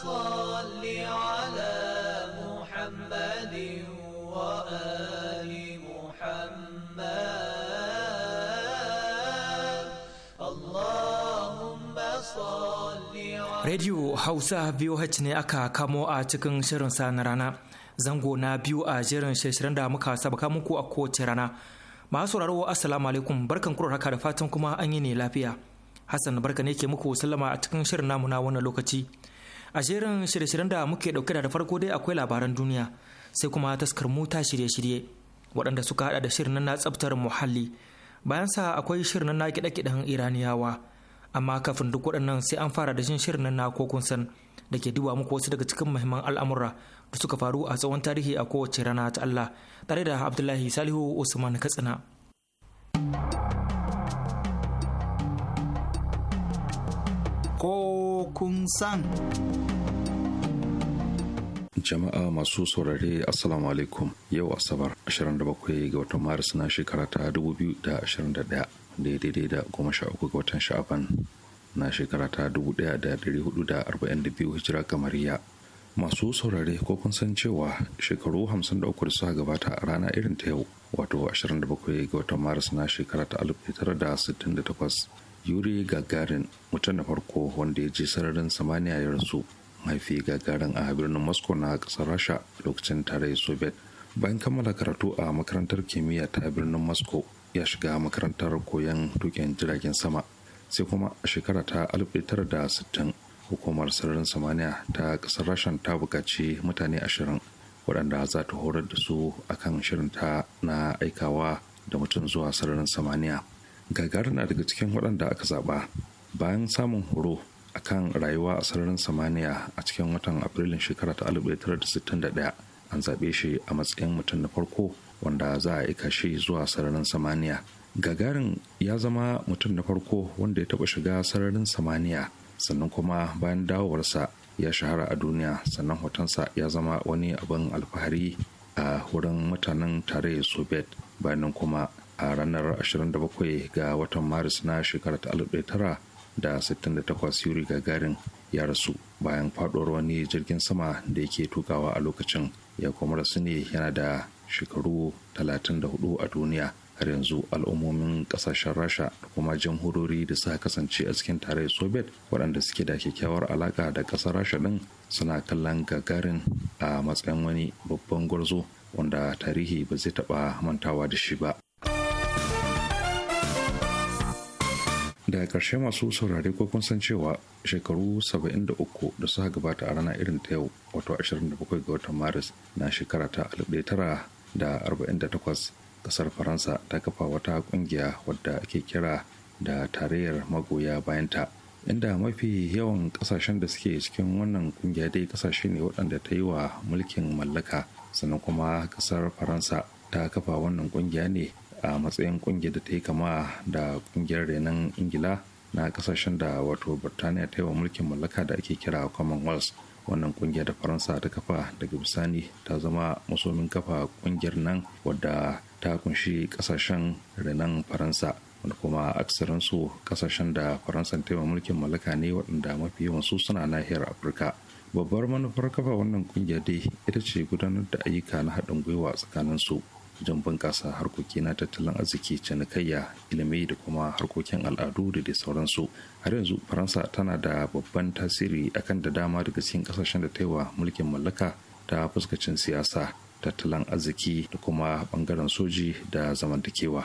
صل على محمد وآل محمد Radio Hausa VOH ne aka kamo a cikin shirin sa na rana. Zango na biyu a jerin shirin da muka sabaka muku a kowace rana. Masu sauraro Assalamu alaikum barkan kurar haka da fatan kuma an yi ne lafiya. Hassan barka ne ke muku sallama a cikin shirin namu na wannan lokaci. a jerin shirye-shiryen da muke dauke da farko dai akwai labaran duniya sai kuma taskar mota shirye-shirye waɗanda suka hada da shirin na tsabtar muhalli bayan sa akwai shirin na kiɗe-kiɗen iraniyawa amma kafin duk waɗannan sai an fara da jin shirin na kokun san da ke duba muku wasu daga cikin muhimman al'amura da suka faru a tsawon tarihi a kowace rana ta Allah tare da Abdullahi Salihu Usman Katsina. ko kun san. jama'a masu saurare assalamu alaikum yau asabar 27 ga watan maris na shekara ta 2021 daidai da goma sha uku ga watan sha'aban na shekara ta 1442 hijira kamariya masu saurare ko kun san cewa shekaru 53 da suka gabata a rana irin ta yau wato 27 ga watan maris na shekara ta 1968 yuri gagarin mutum na farko wanda ya je sararin samaniya ya rasu mahaifi gagarin a birnin moscow na kasar rasha lokacin tarayyar soviet bayan kammala karatu a makarantar kimiyya ta birnin moscow ya shiga makarantar koyon tuƙin jiragen sama sai kuma a shekara ta 1960 hukumar sararin samaniya ta kasar rashan ta buƙaci mutane ashirin waɗanda za ta horar da su akan shirinta na aikawa da mutum zuwa sararin samaniya gagara na daga cikin waɗanda aka zaɓa bayan samun horo a kan rayuwa a sararin samaniya a cikin watan afrilun shekara ta 1961 an zaɓe shi a matsayin mutum na farko wanda za a aika shi zuwa sararin samaniya gagarin ya zama mutum na farko wanda ya taɓa shiga sararin samaniya sannan kuma bayan dawowarsa ya shahara a duniya sannan hotonsa ya zama wani abin alfahari a wurin mutanen tarayyar soviet bayan kuma a ranar 27 ga watan maris na shekarar 1968 yuri gagarin ya rasu bayan faɗuwar wani jirgin sama da yake tukawa a lokacin ya kuma rasu ne yana da shekaru 34 a duniya har yanzu al'ummomin kasashen rasha da kuma jamhurori da suka kasance a cikin tare soviet waɗanda suke da kyakkyawar alaƙa da ƙasar rasha ɗin suna kallon gagarin a matsayin wani babban gwarzo wanda tarihi ba zai taɓa mantawa da shi ba da ƙarshe masu saurare ko kun san cewa shekaru 73 da suka gabata a rana irin ta yau wato 27 ga watan maris na shekara ta 1948 kasar faransa ta kafa wata kungiya wadda ake kira da tarayyar magoya bayanta inda mafi yawan kasashen da suke cikin wannan kungiya dai kasashe ne waɗanda ta yi wa mulkin mallaka sannan kuma kasar faransa ta kafa wannan kungiya ne a matsayin kungiyar da ta yi kama da kungiyar renon ingila na kasashen da wato birtaniya ta yi wa mulkin mallaka da ake kira commonwealth wannan ƙungiyar da faransa ta kafa daga bisani ta zama musomin kafa kungiyar nan wadda ta kunshi kasashen renon faransa wanda kuma aksarinsu kasashen da faransa ta yi wa mulkin mallaka ne waɗanda mafi yawan su suna nahiyar afirka babbar manufar kafa wannan ƙungiyar dai ita ce gudanar da ayyuka na haɗin gwiwa tsakanin su wajen bunƙasa harkoki na tattalin arziki cinikayya ilimi da kuma harkokin al'adu da dai sauransu har yanzu faransa tana da babban tasiri akan da dama daga cikin kasashen da ta yi wa mulkin mallaka ta fuskacin siyasa tattalin arziki da kuma ɓangaren soji da zamantakewa.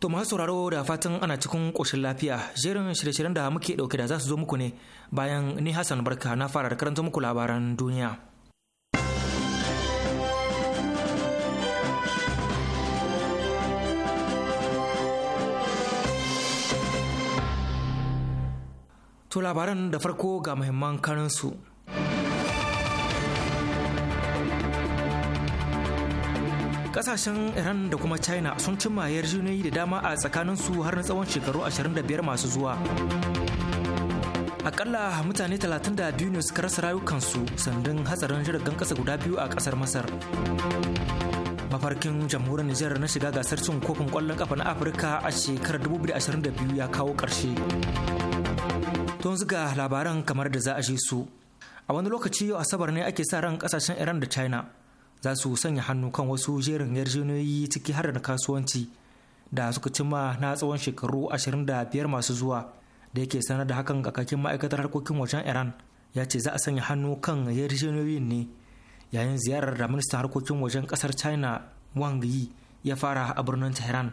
To masu sauraro da fatan ana cikin ƙoshin lafiya jerin shirye-shiryen da muke ɗauke da za su zo muku ne bayan ni Hassan Barka na fara da karanta muku labaran duniya. To labaran da farko ga muhimman karansu. kasashen iran da kuma china sun cimma yarjejeniyoyi da dama a tsakaninsu har na tsawon shekaru 25 masu zuwa akalla mutane 32 ne suka rasa rayukansu sandan hatsarin jiragen kasa guda biyu a kasar masar mafarkin jamhuriyar nijar na shiga gasar cin kofin kwallon kafa na afirka a shekarar 2022 ya kawo karshe don ziga labaran kamar da za a su a wani lokaci yau asabar ne ake sa ran kasashen iran da china za su sanya hannu kan wasu jerin yarjejeniyoyi ciki har da kasuwanci da suka cimma na tsawon shekaru 25 masu zuwa da yake sanar da hakan kakakin ma'aikatar harkokin wajen iran ya ce za a sanya hannu kan yarjejeniyoyin ne yayin ziyarar da ministan harkokin wajen kasar china wang yi ya fara a birnin tehran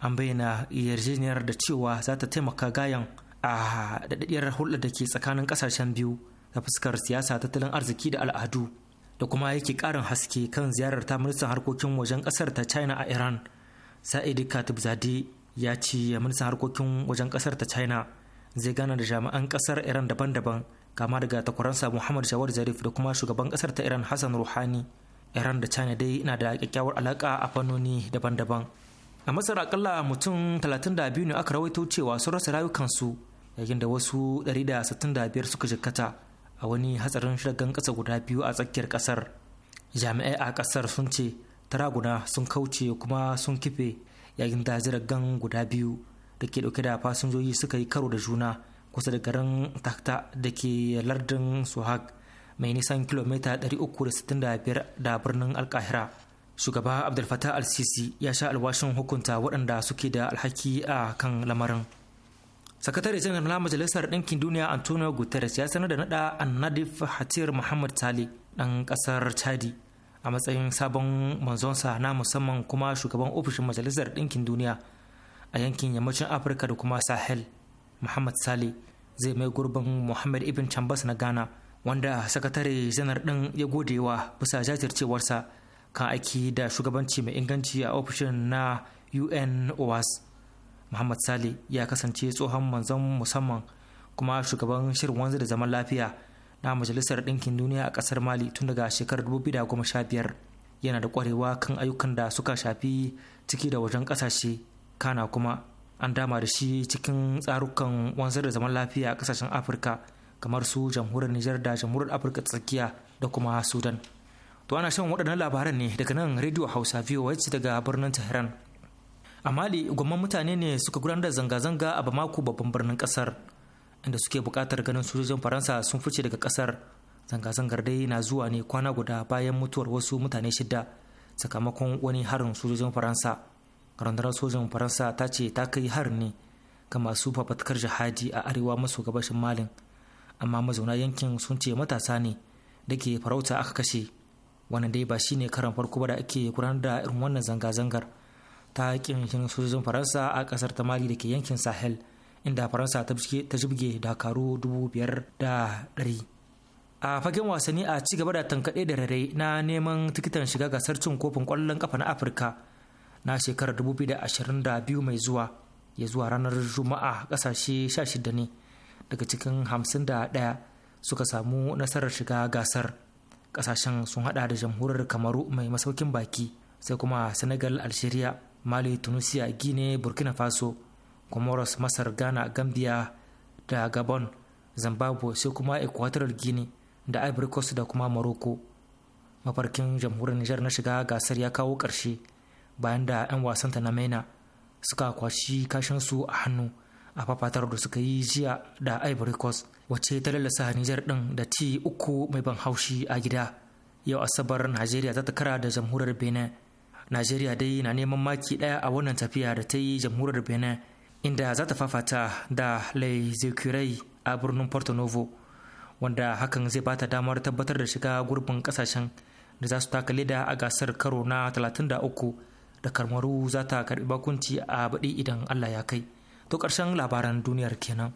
an bayyana yarjejeniyar da cewa za ta taimaka gayan a daɗaɗɗiyar hulɗar da ke tsakanin ƙasashen biyu ta fuskar siyasa tattalin arziki da al'adu da kuma yake karin haske kan ziyarar ta ministan harkokin wajen kasar ta china a iran sa'idi katib zade ya ce ministan harkokin wajen kasar ta china zai gana da jami'an kasar iran daban-daban kama daga takwaransa muhammad jawar zarif da kuma shugaban kasar ta iran hassan ruhani iran da china dai na da kyakkyawar alaka a fannoni daban-daban a masar akalla mutum 32 ne aka rawaito cewa sun rasa rayukansu yayin da wasu 165 suka jikkata a wani hatsarin shirgan ƙasa guda biyu a tsakiyar ƙasar jami'ai a ƙasar sun ce taraguna sun kauce kuma sun kife yayin da jiragen guda biyu da ke ɗauke da fasinjoji suka yi karo da juna kusa da garin takta da ke lardin suhag mai nisan kilomita 365 da birnin alkahira shugaba abdulfata al-sisi ya sha alwashin hukunta waɗanda suke da alhaki a kan lamarin sakatare janar na majalisar ɗinkin duniya antonio guterres ya sanar da naɗa annadif hatir muhammad tali ɗan ƙasar chadi a matsayin sabon manzonsa na musamman kuma shugaban ofishin majalisar ɗinkin duniya a yankin yammacin afirka da kuma sahel muhammad sale zai mai gurbin muhammad ibn chambas na ghana wanda sakatare janar ɗin ya gode wa bisa jajircewarsa kan aiki da shugabanci mai inganci a ofishin na un oas muhammad sale ya kasance tsohon manzon musamman kuma shugaban shirin wanzu da zaman lafiya na majalisar ɗinkin duniya a ƙasar mali tun daga shekarar 2015 yana da ƙwarewa kan ayyukan da suka shafi ciki da wajen ƙasashe kana kuma an dama da shi cikin tsarukan wanzar da zaman lafiya a ƙasashen afirka kamar su jamhuriyar nijar da jamhuriyar afirka tsakiya da kuma sudan to ana shan waɗannan labaran ne daga nan rediyo hausa voa daga birnin tehran a mali gwamnan mutane ne suka gudanar da zanga-zanga a bamako babban birnin kasar inda suke bukatar ganin sojojin faransa sun fice daga kasar zanga-zangar dai na zuwa ne kwana guda bayan mutuwar wasu mutane shida sakamakon wani harin sojojin faransa rundunar sojin faransa ta ce ta kai harin ne ga masu fafatkar jihadi a arewa maso gabashin malin amma mazauna yankin sun ce matasa ne da ke farauta aka kashe wannan dai ba shine karan farko ba da ake gudanar da irin wannan zanga-zangar ta haƙƙin shirin sojojin faransa a ƙasar ta mali da ke yankin sahel inda faransa ta jibge dakaru dubu biyar da ɗari a fagen wasanni a ci gaba da tankaɗe da rare na neman tikitan shiga gasar cin kofin ƙwallon ƙafa na afirka na shekarar 2022 mai zuwa ya zuwa ranar juma'a ƙasashe 16 ne daga cikin 51 suka samu nasarar shiga gasar kasashen sun hada da jamhuriyar kamaru mai masaukin baki sai kuma senegal algeria mali tunisia gine burkina faso comoros masar ghana gambia da gabon zimbabwe sai kuma equatorial guinea da ivory coast da kuma morocco mafarkin jamhuriyar nijar na shiga gasar ya kawo ƙarshe bayan da 'yan wasanta na maina suka kwashi su a hannu a fafatar da suka yi jiya da ivory coast wacce ta lalasa nijar din da ci uku mai ban haushi a gida yau asabar najeriya za ta kara da jamhuriyar benin najeriya dai na neman maki daya a wannan tafiya da ta yi jamhuriyar benin inda za ta fafata da laizikirai a birnin porto novo wanda hakan zai bata damar tabbatar da shiga gurbin kasashen da za su taka leda a gasar karo na 33 da karmaru za ta karbi bakunci a baɗi idan allah ya kai to ƙarshen labaran duniyar kenan.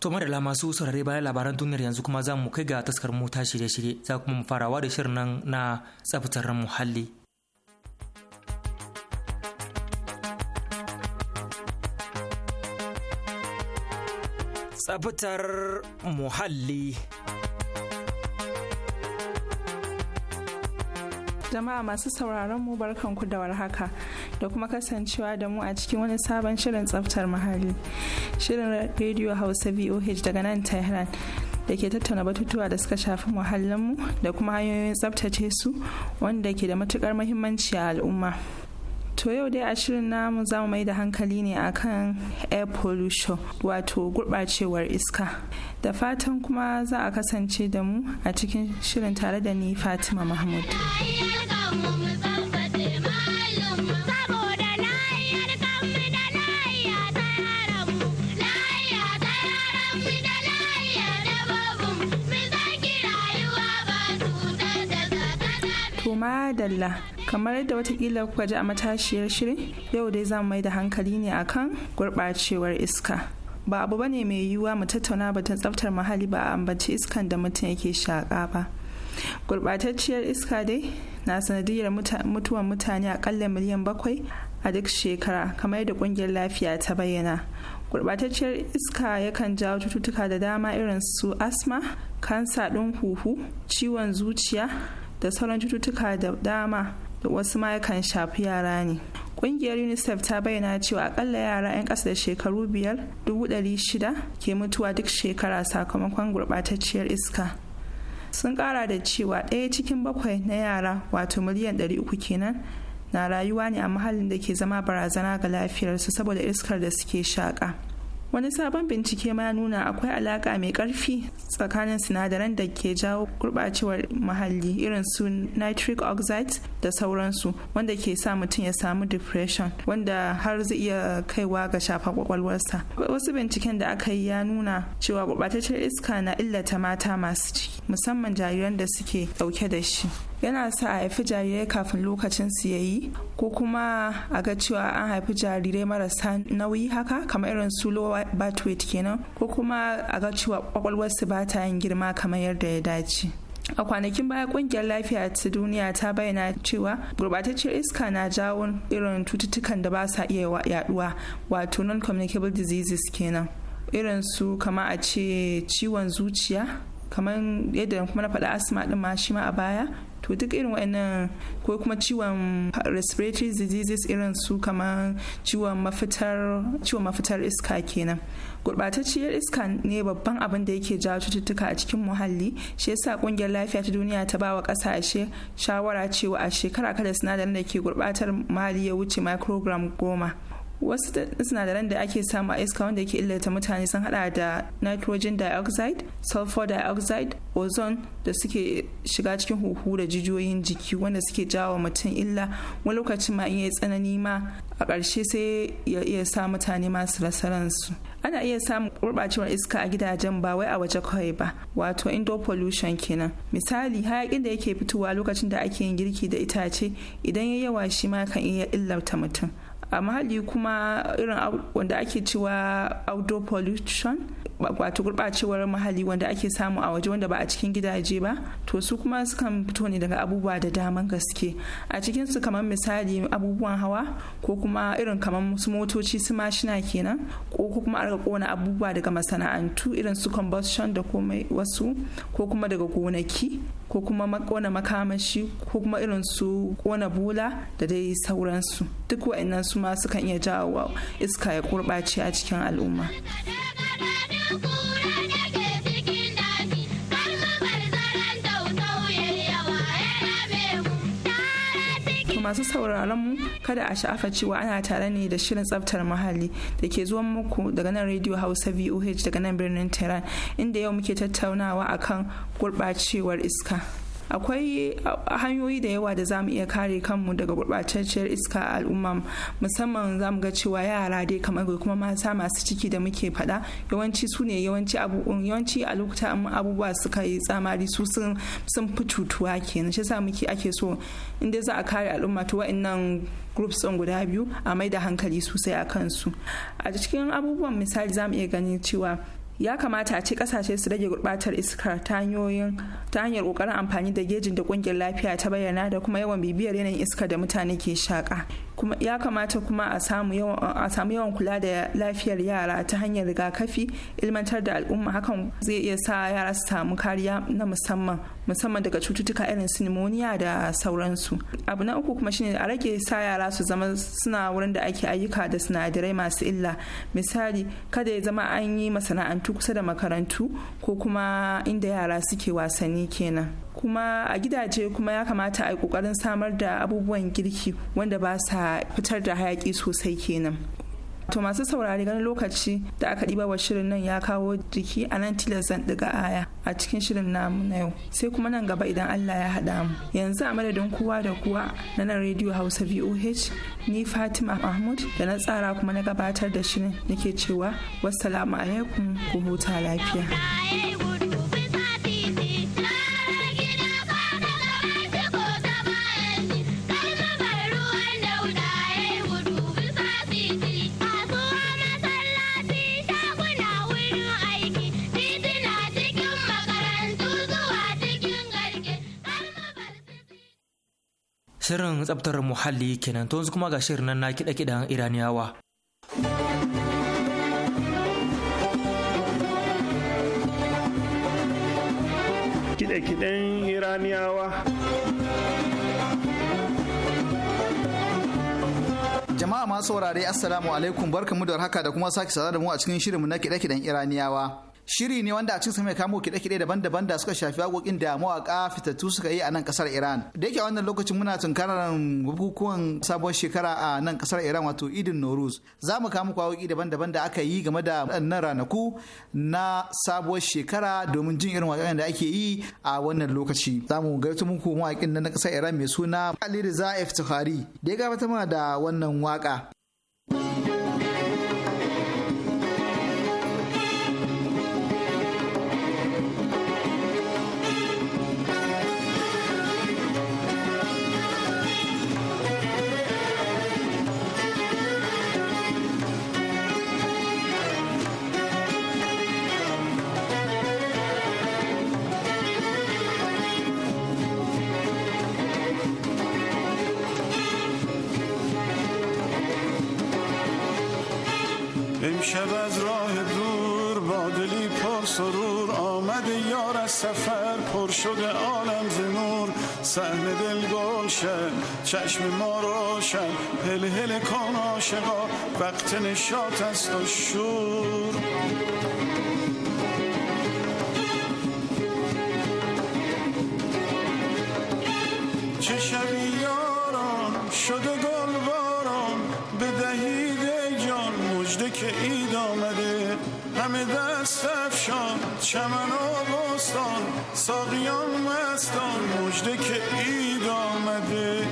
To da masu saurare bayan labaran duniyar yanzu kuma za mu kai ga taskar mota shirye-shirye za kuma mu farawa da shirin nan na tsabtar muhalli. tsabtar muhalli. Jama'a masu sauraron mu barkanku da warhaka. haka. da kuma kasancewa da mu a cikin wani sabon shirin tsaftar muhalli shirin rediyo hausa voh daga nan tehran da ke tattauna batutuwa da suka shafi muhallinmu da kuma hanyoyin tsaftace su wanda ke da matukar muhimmanci a al'umma to yau dai a shirin namu za mu mai da hankali ne akan air pollution wato gurɓacewar iska da fatan kuma za a kasance da mu a cikin shirin tare da ni fatima mahmud madalla kamar yadda watakila kuka ji a matashiyar shirin yau dai za mu mai da hankali ne akan gurɓacewar iska ba abu ba ne mai yiwuwa mu tattauna batun tsaftar muhalli ba a ambaci iskan da mutum yake shaƙa ba gurɓatacciyar iska dai na sanadiyar mutuwan mutane aƙalla miliyan bakwai a duk shekara kamar yadda ƙungiyar lafiya ta bayyana gurɓatacciyar iska yakan jawo cututtuka da dama irin su asma kansa ɗin huhu ciwon zuciya da sauran cututtuka da dama da wasu ma shafi yara ne ƙungiyar unicef ta bayyana cewa akalla yara 'yan ƙasa da shekaru biyar shida ke mutuwa duk shekara sakamakon gurɓatacciyar iska sun ƙara da cewa ɗaya cikin bakwai na yara wato miliyan 300 kenan na rayuwa ne a mahallin da ke zama barazana ga lafiyarsu saboda iskar da suke shaƙa wani sabon bincike ma nuna akwai alaka mai karfi tsakanin sinadaran da ke jawo gurɓacewar muhalli irin su nitric oxide da sauransu wanda ke sa mutum ya samu depression wanda har zai iya kaiwa ga shafa kwakwalwarsa wasu binciken da aka yi ya nuna cewa gurɓataccen iska na illata mata masu ciki musamman jariran da suke dauke da shi yana sa a haifi jarirai kafin lokacin su yi ko kuma a ga cewa an haifi jarirai marasa nauyi haka kamar irin su low kenan ko kuma a ga cewa kwakwalwarsu ba ta yin girma kamar yadda ya dace a kwanakin baya kungiyar lafiya ta duniya ta bayyana cewa gurbataccen iska na jawo irin cututtukan da ba sa iya yaduwa wato non-communicable diseases kenan irin su kama a ce ciwon zuciya kamar yadda kuma na faɗa asma ɗin ma shi ma a baya to duk irin wannan ko kuma ciwon respiratory diseases irin su kamar ciwon mafitar ciwon mafitar iska kenan gurbatacciyar iska ne babban abin da yake jawo cututtuka a cikin muhalli shi yasa ƙungiyar lafiya ta duniya ta bawa kasashe shawara cewa a shekara kada sinadarin da ke gurɓatar muhalli ya wuce microgram goma wasu sinadaran da ake samu a iska wanda yake illata mutane sun hada da nitrogen dioxide sulfur dioxide ozone da suke shiga cikin huhu da jijiyoyin jiki wanda suke jawo mutum illa wani lokacin ma iya tsanani ma a ƙarshe sai ya iya sa mutane masu rasaransu ana iya samun gurɓacewar iska a gidajen ba wai a waje kawai ba wato indo pollution kenan misali hayakin da yake fitowa lokacin da ake yin girki da itace idan ya yawa shi ma kan iya illata mutum a muhalli kuma irin wanda ake cewa outdoor pollution wato gurɓacewar muhalli wanda ake samu a waje wanda ba a cikin gidaje ba to su kuma sukan fito ne daga abubuwa da daman gaske a cikin su kamar misali abubuwan hawa ko kuma irin kamar su motoci su mashina kenan ko kuma a kona abubuwa daga masana'antu irin su combustion da komai wasu ko kuma daga gonaki ko kuma kona makamashi ko kuma irin su kona bula da dai sauransu duk wa'annan su ma sukan iya jawo iska ya gurɓace a cikin al'umma. masu sauraron mu kada a sha'afa cewa ana tare ne da shirin tsaftar muhalli da ke zuwan muku daga nan Radio Hausa VOH daga nan birnin Tehran inda yau muke tattaunawa akan gurɓacewar iska. akwai hanyoyi da yawa da zamu iya kare kanmu daga gurɓatacciyar iska a al'umma musamman zamu ga cewa yara dai kamar kuma mata masu ciki da muke faɗa yawanci su ne yawanci yawanci a lokuta abubuwa suka yi tsamari su sun fi cutuwa kenan shi yasa muke ake so inda za a kare al'umma to wa'annan groups ɗin guda biyu a mai da hankali sosai a kansu a cikin abubuwan misali zamu iya ganin cewa ya kamata a ce kasashe su rage gurbatar iska ta hanyoyin ta hanyar kokarin amfani da gejin da kungiyar lafiya ta bayyana da kuma yawan bibiyar yanayin iska da mutane ke shaka kuma ya kamata kuma a samu yawan a samu yawan kula da lafiyar yara ta hanyar rigakafi ilmantar da al'umma hakan zai iya sa yara su samu kariya na musamman musamman daga cututtuka irin su pneumonia da sauransu abu na uku kuma shine a rage sa yara su zama suna wurin da ake ayyuka da sinadarai masu illa misali kada ya zama an yi masana'antu makarantu kusa da makarantu ko kuma inda yara suke wasanni kenan kuma a gidaje kuma ya kamata a yi kokarin samar da abubuwan girki wanda ba sa fitar da hayaki sosai kenan to masu saurari ganin lokaci da aka ɗiba wa shirin nan ya kawo jiki a nan tilas zan ɗiga aya a cikin shirin namu na yau sai kuma nan gaba idan Allah ya haɗa mu yanzu a madadin kowa da kowa na nan rediyo Hausa VOH ni Fatima Mahmud da na tsara kuma na gabatar da shirin nake cewa wassalamu alaikum ku huta lafiya. sirrin tsabtar muhalli kenan to yanzu kuma ga shirin nan na kiɗa-kiɗan iraniyawa kiɗe-kiɗen iraniyawa jama'a masu saurare assalamu alaikum barkamu da haka da kuma sake sada da mu a cikin shirinmu na kiɗe-kiɗen iraniyawa shiri ne wanda a cikin mai kamo kiɗe-kiɗe daban-daban da suka shafi haƙoƙin da mawaƙa fitattu suka yi a nan ƙasar Iran. Da yake a wannan lokacin muna tunkarar bukukuwan sabon shekara a nan ƙasar Iran wato Idin Noruz. Za mu kamo waƙoƙi daban-daban da aka yi game da waɗannan ranaku na sabuwar shekara domin jin irin waƙoƙin da ake yi a wannan lokaci. Za mu gaito muku mawaƙin na ƙasar Iran mai suna Ali Rizaif da ya gabata mana da wannan waƙa. شب از راه دور با دلی پر سرور آمد یار از سفر پر شده عالم ز نور دل گلشن چشم ما روشن هل هل کن آشقا وقت نشات است و شور شام چمن و بستان ساقیان مستان مجده که اید آمده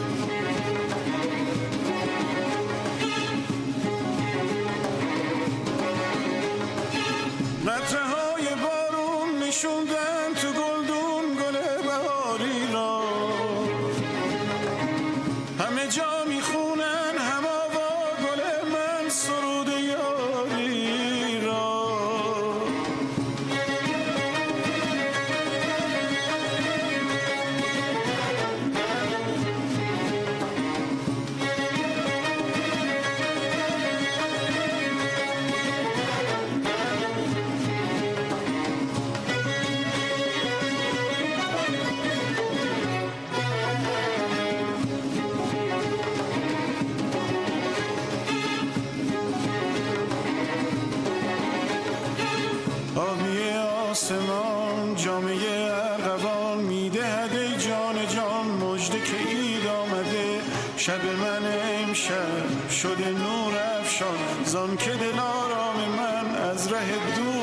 آسمان جامعه ارغوان میدهد ای جان جان مجد که اید آمده شب من امشب شده نور افشان زان که دل آرام من از ره دور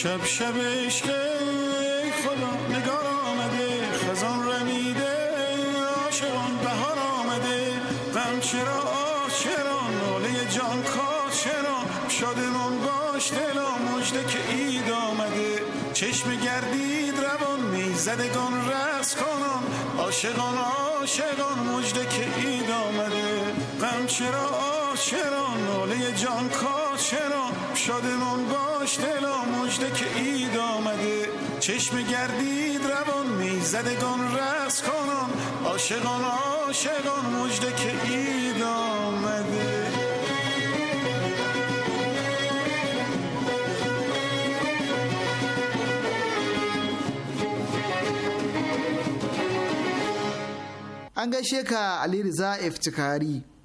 شب شب عشق خدا نگار آمده خزان رمیده آشقان بهار آمده غم چرا چرا ناله جان کار چرا شادمان باش دلا مجده که اید آمده چشم گردید روان میزدگان رس کنان آشقان آشقان مجده که اید آمده غم چرا چرا ناله جان کار چرا من باش دلا مجده که اید آمده چشم گردید روان میزدگان رس کنان عاشقان عاشقان مجده که اید آمده an gaishe ka Ali Riza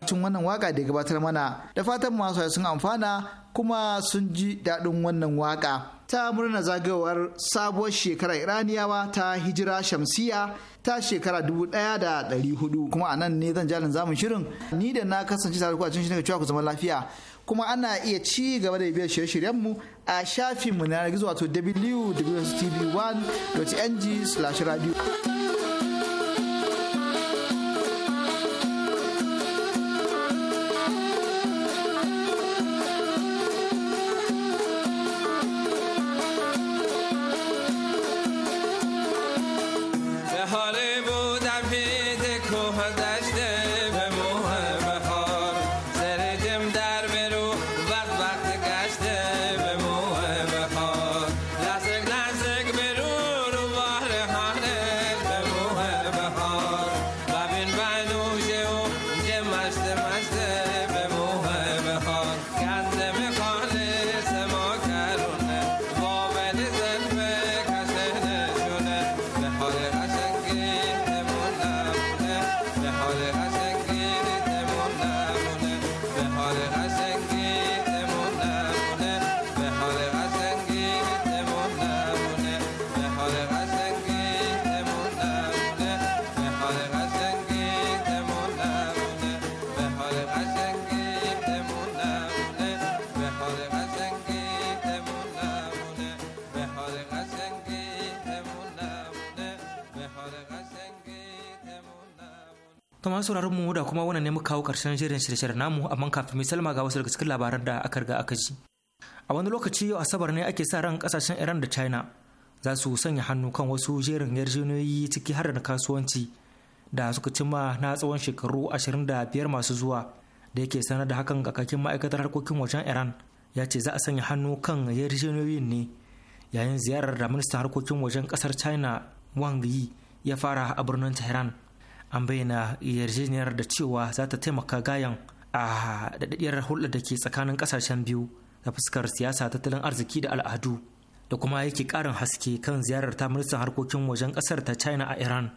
cin wannan waka da gabatar mana da fatan masu sun amfana kuma sun ji daɗin wannan waka ta murna zagayowar sabuwar shekara iraniyawa ta hijira shamsiya ta shekara dubu ɗaya da ɗari hudu kuma a nan ne zan jalin zamun shirin ni da na kasance tare a cikin daga cewa ku zama lafiya kuma ana iya ci gaba da biyar shirye mu a shafin mu na gizo wato www.tv1.ng/radio kuma sauraron mu da kuma wannan ne muka kawo karshen shirin shirye namu amma kafin mu salma ga wasu daga cikin labaran da aka riga aka ji. A wani lokaci yau Asabar ne ake sa ran kasashen Iran da China za su sanya hannu kan wasu jerin yarjejeniyoyi ciki har da kasuwanci da suka cimma na tsawon shekaru 25 masu zuwa da yake sanar da hakan kakakin ma'aikatar harkokin wajen Iran ya ce za a sanya hannu kan yarjejeniyoyin ne yayin ziyarar da ministan harkokin wajen kasar China Wang Yi ya fara a birnin Tehran. an bayyana yarjejeniyar da cewa za ta taimaka gayan a daɗaɗɗiyar hulɗar da ke tsakanin ƙasashen biyu da fuskar siyasa tattalin arziki da al'adu da kuma yake ƙarin haske kan ziyarar ta ministan harkokin wajen ƙasar ta china a iran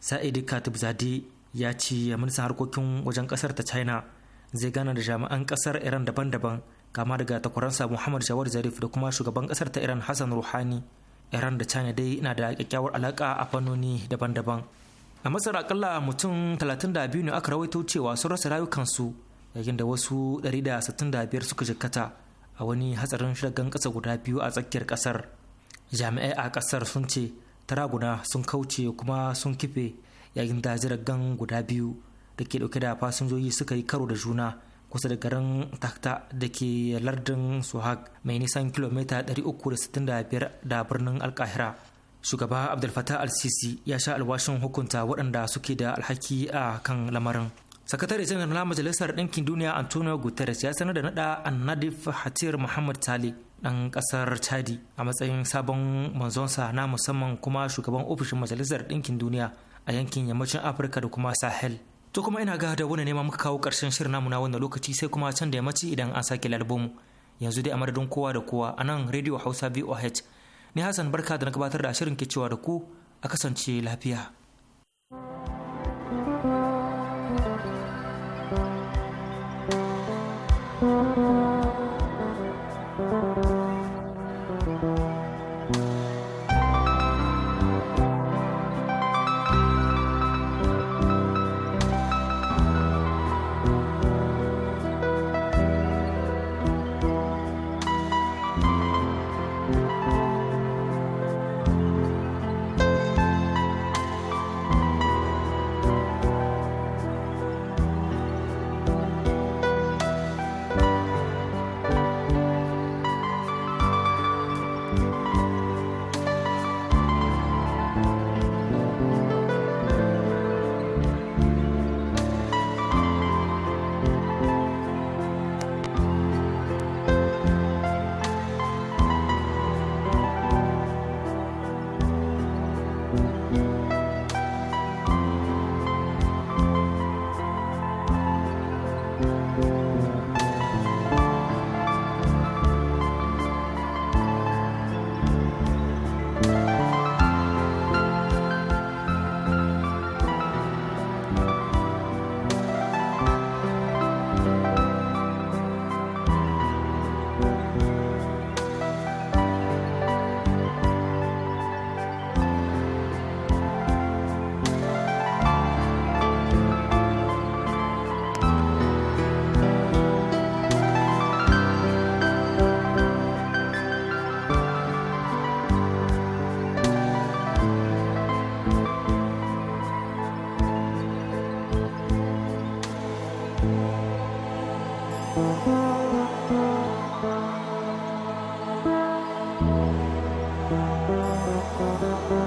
sa'idi katib zade ya ce ministan harkokin wajen ƙasar ta china zai gana da jami'an ƙasar iran daban-daban kama daga takwaransa muhammad jawar zarif da kuma shugaban ƙasar ta iran hassan ruhani iran da china dai na da kyakkyawar alaƙa a fannoni daban-daban a masar akalla mutum 32 ne aka rawaito cewa sun rasa rayukansu yayin da wasu 165 suka jikkata a wani hatsarin shirgan kasa guda biyu a tsakiyar kasar jami'ai a kasar sun ce taraguna sun kauce kuma sun kife yayin da jiragen guda biyu da ke dauke da fasinjoji suka yi karo da juna kusa da garin takta da ke lardin suhag mai nisan kilomita 365 da birnin alkahira shugaba abdul fatah al-sisi ya sha alwashin hukunta waɗanda suke da alhaki a kan lamarin sakatare janar na majalisar ɗinkin duniya antonio guterres ya sanar da naɗa annadif hatir muhammad tali ɗan ƙasar chadi a matsayin sabon manzonsa na musamman kuma shugaban ofishin majalisar ɗinkin duniya a yankin yammacin afirka da kuma sahel to kuma ina ga da wani nema muka kawo ƙarshen shirin namu na wannan lokaci sai kuma can da yammaci idan an sake lalbomu yanzu dai a madadin kowa da kowa a nan radio hausa voh ni hassan barka da na gabatar da shirin ke cewa da ku a kasance lafiya thank you thank you